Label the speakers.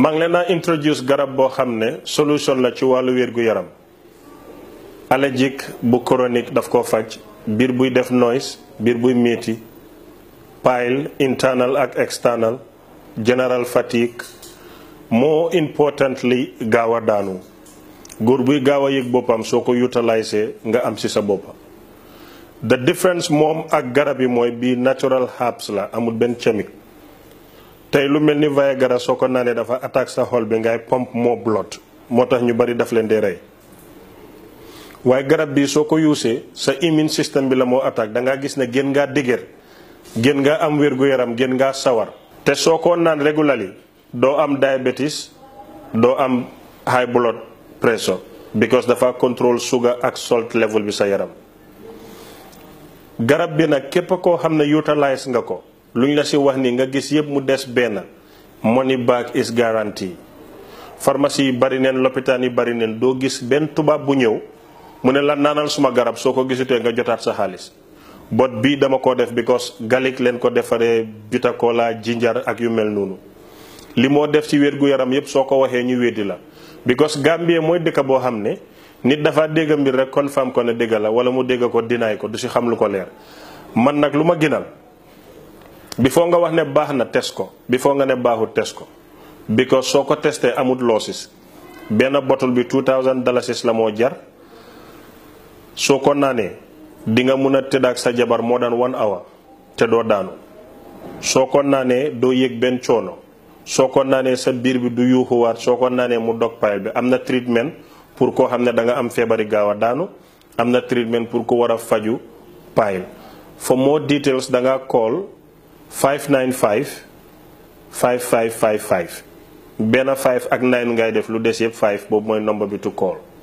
Speaker 1: maa ngi leen naa introduce garab boo xam ne solution la ci wàllu wér-gu-yaram allergique bu chronique daf ko faj biir buy def noise biir buy metti pile internal ak external general fatigue moo importantly gaaw a daanu góor buy gaaw a yëg boppam soo ko utiliser nga am ci sa bopp the difference moom ak garab yi mooy bii natural herbs la amul benn chimique tey lu mel ni gara soo ko naanee dafa attaque sa xol bi ngay pompe moo blood moo tax ñu bari daf leen di rey waaye garab bii soo ko yuusee sa immune system bi la moo attaque da ngaa gis ne gën ngaa dëgër gën ngaa am wér yaram gën ngaa sawar te soo ko naan regularly doo am diabetes doo am high blood pressure because dafa control sugar ak salt level bi sa yaram garab bi nag képp koo xam ne utilize nga ko luñ la ci wax ni nga gis yépp mu dess ben money back is guarantee pharmacie bari nen l'hôpital yi bari nen do gis benn tuba bu ñew mu ne la nanal suma garab soko ko nga jotat sa xaliss bot bi dama ko def because galik len ko defaree cola ginger ak yu mel noonu li mo def ci wergu yaram yépp soko waxe ñu wedi la because gambie moy deka bo xamne nit dafa degam bi rek confirm ko ne degala wala mu dégg ko dinaay ko du ci xam lu ko leer man nak luma ginal before nga wax ne baxna na test ko before nga ne baaxul test ko because soko testé amut losses ben bottle bi 2000 dalasis la mo jar soko nané di nga mëna tedak sa jabar more than one hour te do daanu soko nané do yek ben choono soko nané sa bir bi du yuuxuwaat soo soko nané mu dog pile bi amna treatment pour ko xamné da nga am gawa daanu amna treatment pour ko wara faju pile, for more details da nga call 595 5555 benn 5 ak 9 ngay def lu des yëpp 5 boobu mooy number bi to call